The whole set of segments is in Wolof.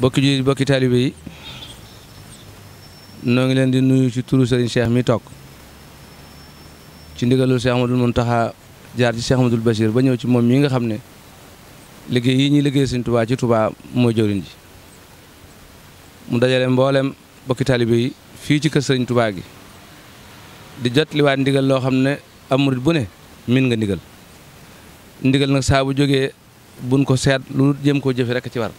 bokki ji bokki taalibe yi noo ngi leen di nuyu ci turu Serigne Cheikh mi toog ci ndigalul Cheikh Amadou Mountakha jaar ci Cheikh Amadou Bachir ba ñëw ci moom mi nga xam ne liggéey yi ñuy liggéey Serigne tubaa ci tubaa mooy jëriñ ji mu dajale mboolem bokki taalibe yi fii ci kër Serigne tubaa gi di jot liwaat ndigal loo xam ne am murit bu ne min nga ndigal ndigal nag saa bu jógee buñ ko seet lu jëm koo jëfe rek ci war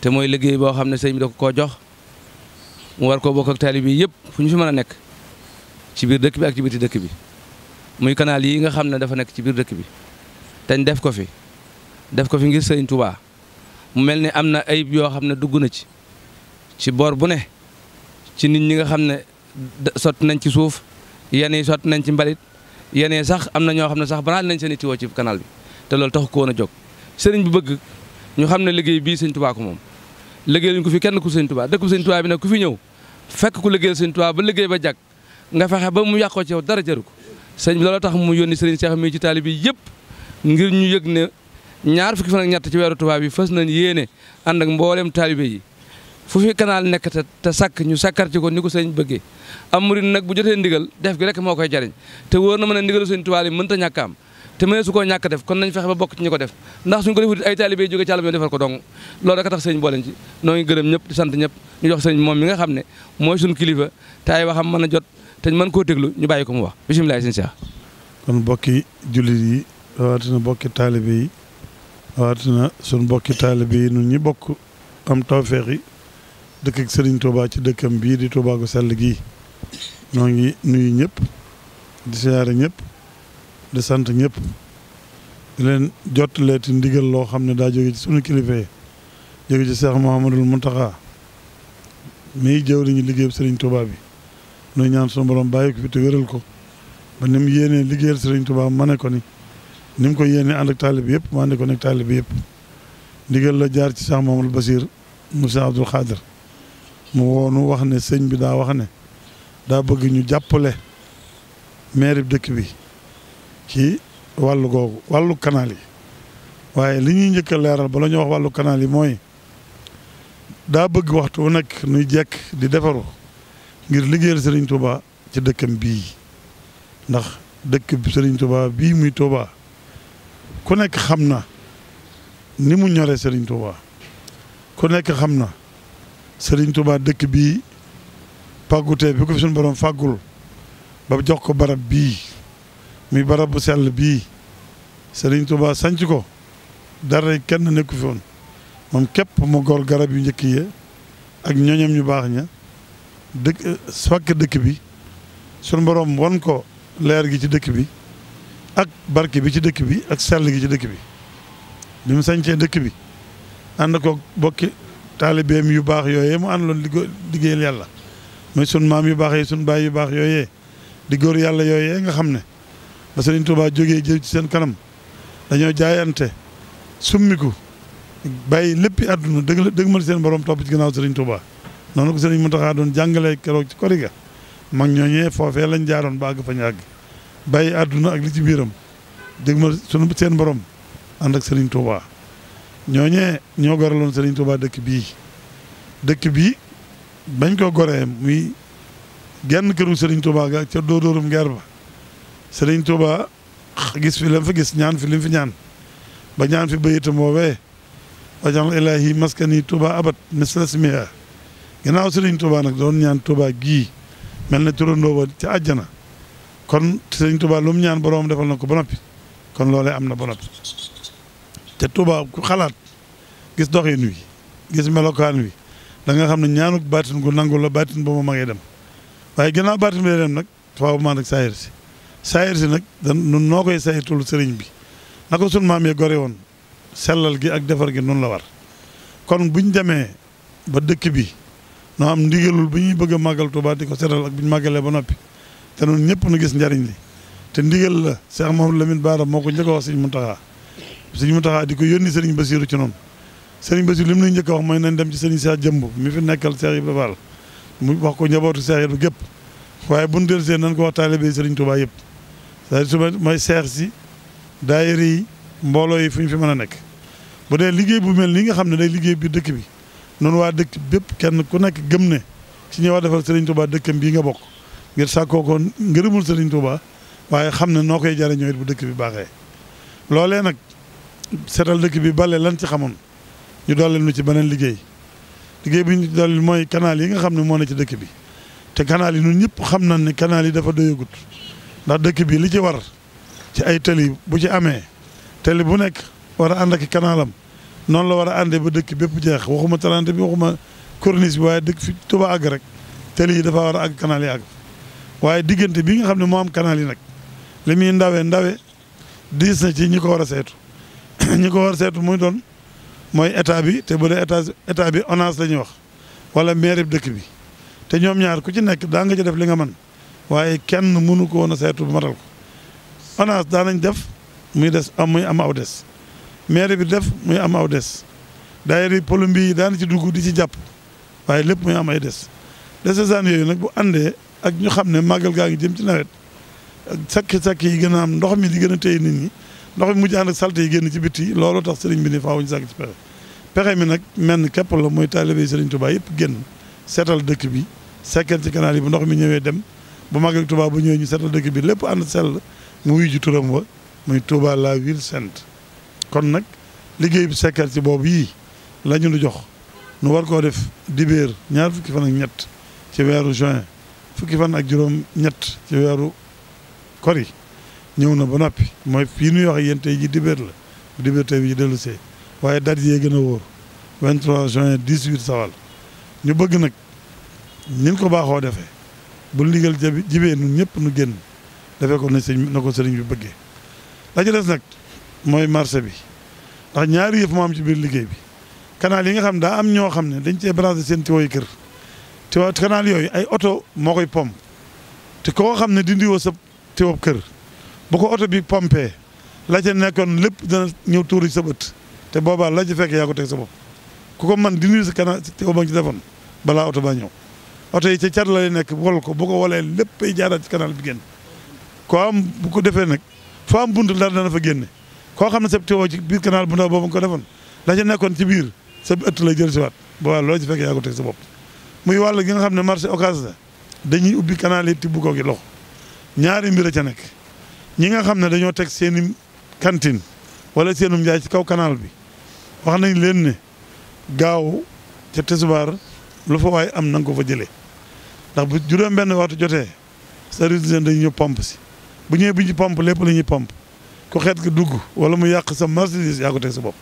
te mooy liggéey boo xam ne sëñ bi da ko koo jox mu war koo bokk ak taalibe yi yëpp fu ñu fi mën a nekk ci biir dëkk bi ak ci biti dëkk bi muy kanaal yii nga xam ne dafa nekk ci biir dëkk bi teñ def ko fi def ko fi ngir sëñ Touba mu mel ni am na ayib yoo xam ne dugg na ci ci boor bu ne ci nit ñi nga xam ne sotti nañ ci suuf yenn yi sotti nañ ci mbalit yenn sax am na ñoo xam ne sax banaal nañ seen i ci kanaal bi te loolu taxu ko woon a jóg sëriñ ñu xam ne liggéey bii sëñ Tuubaa moom liggéey luñ fi kenn ku sëñ Tuubaa dëkk bu sëñ bi nag ku fi ñëw fekk ku liggéeyal sëñ Tuubaa ba liggéey ba jag nga fexe ba mu yàqoo ci yow dara jaru ko sëñ bi loolu tax mu yónni sëriñ Cheikh mi ci taali bi yëpp ngir ñu yëg ne ñaar fukki fan ak ñett ci weeru tubaab bi fas nañ yéene ànd ak mboolem taalibe yi fu fi kanaal nekk te te sàkk ñu sakkar ci ko ni ko sëñ bëggee am murid nag bu jotee ndigal def gi rek moo koy jariñ te wóor na ma ne ndigalu sëñ Tuubaa yi mënta ñàkk am te mënee su koo ñàkk def kon nañ fexe ba bokk ci ñi ko def ndax suñ ko defut ay taalibe jóge ci àll bi defar ko dong loolu rek a tax sëñ booleen ci noo ngi gërëm ñëpp di sant ñëpp ñu jox sëñ moom mi nga xam ne mooy suñ kilifa te ay waxam mën a jot te mën koo déglu ñu bàyyi ko mu wax bisimilah sëñ Cheikh kon bokki jullit yi rawatina bokki taalibe yi rawatina suñ bokki taalibe yi nun ñi bokk am tawfeex yi dëkk ak sëriñ Touba ci dëkkam bii di Touba gu sell gii noo ñëpp di sant ñëpp di leen jottaleeti ndigal loo xam ne daa jóge ci sunu kilifa yi jóge ci Cheikh Mouhamadul Mountakha mii jëw li ñu liggéeyal Serigne Touba bi nuy ñaan sunu borom bàyyi ko fi wéral ko ba ni yéene yéenee liggéeyal Serigne Touba ma ne ni ni mu ko yéenee ànd ak taalib yëpp ma ànd ko nekk taalib yëpp ndigal la jaar ci Cheikh Mouhamadul Basir mu Cheikh Abdoul mu woonu wax ne sëñ bi daa wax ne daa bëgg ñu jàppale maire bi dëkk bi ci wàllu googu wàllu canal waaye li ñuy njëkk a leeral bala ñuy wax wàllu canal yi mooy daa bëgg waxtu wu nekk nuy jekk di defaru ngir liggéeyal sëriñ Touba ci dëkkam bii ndax dëkk sëriñ Touba bii muy Touba ku nekk xam na ni mu ñoree sëriñ Touba ku nekk xam na sëriñ Touba dëkk bii pàggutee bi ko fi suñu borom fàggul ba jox ko barab bii mi barab bu sell bii Serigne Touba sanc ko dara kenn nekku fi woon moom képp mu gor garab yu njëkk yi ak ñoñam ñu baax ña dëkk fakk dëkk bi sunu borom won ko leer gi ci dëkk bi ak barke bi ci dëkk bi ak sell gi ci dëkk bi bi mu sancee dëkk bi ànd ko bokki taalibeem yu baax yooyee mu ànd loon liggéeyal yàlla mooy sun maam yu baax yi sun baay yu baax yooyee di góor yàlla yooyee nga xam ne ba Serigne Touba jógee jël ci seen kanam dañoo jaayante summiku bay léppi àdduna dëgg la dëgg mal seen borom topp ci gannaaw Serigne Touba noonu ko Serigne Mountakha doon jàngalee keroog ci kori ga mag ñooñee foofee lañ jaaroon ba àgg fa ñu àgg bàyyi àdduna ak li ci biiram dëgg mal sunu seen borom ànd ak Serigne Touba ñooñee ñoo goraloon Serigne Touba dëkk bii dëkk bii bañ ko goree muy genn këru Serigne Touba ga ca dóodóorum ngeer ba Sëriñ Tuuba gis fi lam fi gis ñaan fi lim fi ñaan ba ñaan fi bayitam woowee wajaxal ilaahi maskani Tuuba abat misla smiha ginnaaw Sëriñ Tuuba nag doon ñaan Tuuba gii mel na turandoo ba ca àjjana kon Sëriñ Tuuba lu ñaan boroom defal na ko ba noppi kon loolee am na ba noppi te Tuuba ku xalaat gis doxin wi gis melokaan wi da nga xam ne ñaanuk baatin gu nangu la baatin ba ma ma ngay dem waaye ginnaaw baatin bi dem nag faaw maa nag saayir si saayir si nag dan nun noo koy saytul sëriñ bi na ko sun maam ya gore woon sellal gi ak defar gi nun la war kon buñ demee ba dëkk bi noo am ndigalul bu ñuy bëgg a màggal Tuubaa di ko setal ak bu ñu màggalee ba noppi te nun ñëpp nu gis njariñ li te ndigal la Cheikh Mouhamadou Lamine Bara moo ko njëkk a wax sëriñ Mountakha sëriñ Mountakha di ko yónni sëriñ Basiiru ci noonu sëriñ Basiiru li mu njëkk a wax mooy nañ dem ci sëriñ Cheikh Jëmb mi fi nekkal Cheikh Ibra Fall mu wax ko njabootu Cheikh Ibra gépp waaye bu ñu dellusee nañ ko wax taalibe sëriñ Tuubaa yëpp daal suba mooy seex si daayira yi mbooloo yi fu ñu fi mën a nekk bu dee liggéey bu mel nii nga xam ne day liggéey bi dëkk bi noonu waa dëkk bépp kenn ku nekk gëm ne ci ñi wax defal Serigne Touba dëkkam bii nga bokk ngir sàkkoo ko ngërëmul Serigne Touba waaye xam ne noo koy jare it bu dëkk bi baaxee loolee nag setal dëkk bi bale lan ci xamoon ñu dooleel nu ci beneen liggéey liggéey bi ñu dooleel mooy canal yi nga xam ne moo ne ci dëkk bi te canal yi ñun ñëpp xam nañ ne canal yi dafa doyagut ndax dëkk bi li ci war ci ay tali bu ci amee tali bu nekk war a ànd ak kanaalam noonu la war a àndee ba dëkk bépp jeex waxuma talante bi waxuma corniche bi waaye dëkk fi Tuuba àgg rek tali yi dafa war a àgg kanaal yi àgg waaye diggante bi nga xam ne moo am kanaal yi nag li muy ndawe ndawe diis na ci ñi ko war a seetu ñi ko war a seetu muy doon mooy état bi te bu dee état bi ONAS la ñuy wax wala mairie dëkk bi te ñoom ñaar ku ci nekk daa nga ci def li nga mën waaye kenn mënu ko woon a saytu ba matal ko ONAS daanañ def muy des am muy am aw des maire bi def muy am aw des daayira Colombie yi daana ci dugg di ci jàpp waaye lépp muy am ay des desesaan yooyu nag bu àndee ak ñu xam ne màggal gaa ngi jëm ci nawet sakki-sakki yi gën a am ndox mi di gën a téye nit ñi ndox mi mujj ànd ak salte yi génn ci bitti loolu tax sëriñ bi ne faaw ñu sàkk ci pexe pexe mi nag menn képp la mooy taalibe sëriñ Tuubaa yëpp génn seetal dëkk bi sekkal ci kanaal yi bu ndox mi ñëwee dem bu màggal Touba bu ñëwee ñu seetal dëkk bi lépp ànd sell mu wuyu ji turam wa muy Touba la ville sainte kon nag liggéey bi sekkal ci boobu yii lañu ñu lu jox nu war koo def dibéer ñaar fukki fan ak ñett ci weeru juin fukki fan ak juróom ñett ci weeru kori ñëw na ba noppi mooy fii nuy wax yéen tey ji dibéer la dibéer tey bi ji dellu see waaye date yee gën a wóor 23 juin 18 sawal ñu bëgg nag nin ko baaxoo defee bu ndigal jabi jibee nun ñëpp nu génn defee ko na sëñ na ko sëriñ bi bëggee la ci des nag mooy marché bi ndax ñaari yëf moo am ci biir liggéey bi canal yi nga xam daa am ñoo xam ne dañ cee branché seen tiwo yi kër tiwo canal yooyu ay oto moo koy pompe te koo xam ne dindiwo sa tiwo kër bu ko oto bi pompee la ca nekkoon lépp dana ñëw tuuri sa bët te boobaa la ci fekk yaa ko teg sa bopp ku ko man dindi sa canal tiwo ba nga ci balaa oto baa ñëw oto yi ca car lay nekk wol ko bu ko wolee lépp ay jaaral ci canal bi génn koo am bu ko defee nag foo am buntu ndar dana fa génne koo xam ne sa tiwoo ci biir canal bu ndaw boobu nga ko defoon la ca nekkoon ci biir sa ëtt lay jël waat boobaa loo ci fekk ko teg sa bopp muy wàll gi nga xam ne marché occas la dañuy ubbi canal ti tibb ko gi loxo ñaari mbir a ca nekk ñi nga xam ne dañoo teg seeni i cantine wala seenum njaay ci kaw kanaal bi wax nañ leen ne gaaw ca tesubaar lu fa waaye am na nga ko fa jëlee ndax bu juróom benn waxtu jotee service d'hygiène dañu ñëw pompe si bu ñëwee bi ñu pomp lépp la ñuy pompe ku xeet ko dugg wala mu yàq sa marchandise yaa ko teg sa bopp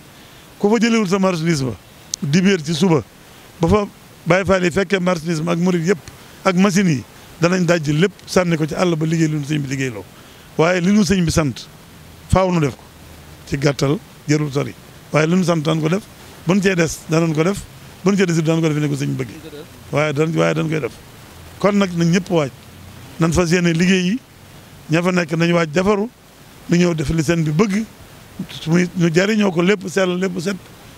ku fa jëlewul sa marchandise ba dibéer ci suba ba fa bàyyi faal yi fekkee marchandise ak murit yëpp ak machines yi danañ dajj lépp sànni ko ci àll ba liggéey li ñu sëñ bi liggéey loo waaye li ñu sëñ bi sant faaw nu def ko ci gàttal jërul sori waaye li ñu sant daan ko def buñ cee des danañ ko def bu nu cee désir daan ko defee ne ko sëñ bi bëggee waaye dan koy def kon nag nañ ñëpp waaj nan fa yéene liggéey yi ña fa nekk nañu waaj defaru nu ñëw def li seen bi bëgg muy ñu jariñoo ko lépp sell lépp set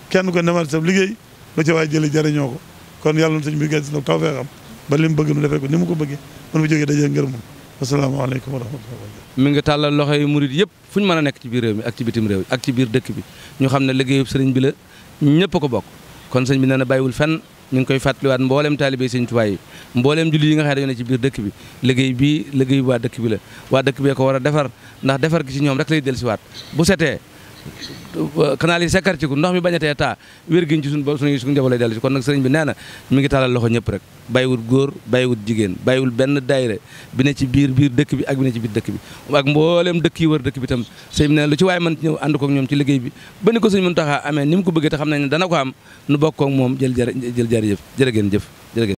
kenn ko demal sa liggéey lu ca waay jëlee jariñoo ko kon yàlla na sëñ bi gën nag taw fee xam ba li mu bëgg nu defee ko ni mu ko bëggee mën fa jógee dajee ngërëm moom asalaamaaleykum wa rahmatulah mi ngi tàllal loxo yi murit yëpp fu ñu mën a nekk ci biir réew mi ak ci bitim réew ak dëkk bi ñu xam ne liggéeyu sëriñ bi la ñëpp ko bokk kon sëñ bi nee na bàyyiwul fenn ñu ngi koy fàttaliwaat mboolem taalibe sëñ Tuubaa yi mboolem julli yi nga xam ne dañu ci biir dëkk bi liggéey bi liggéey bu waa dëkk bi la waa dëkk bee ko war a defar ndax defar gi ci ñoom rek lay dellusiwaat bu setee canal yi sekkar ci ko ndox mi bañ a tee taa wér giñ ci suñ ba suñu suñu njaboot lay dellu ci kon nag sëriñ bi nee na mi ngi tàllal loxo ñëpp rek bàyyiwul góor bàyyiwul jigéen bàyyiwul benn dayre bi ne ci biir biir dëkk bi ak bi ci biir dëkk bi ak mbooleem dëkk yi war dëkk bi tam sëriñ bi nee na lu ci waaye mën ñëw ànd kook ñoom ci liggéey bi ba ni ko sëriñ Muntaxa amee ni mu ko bëggee te xam nañ ne dana ko am nu bokk kook moom jël jër jël jërëjëf jërë ngeen jëf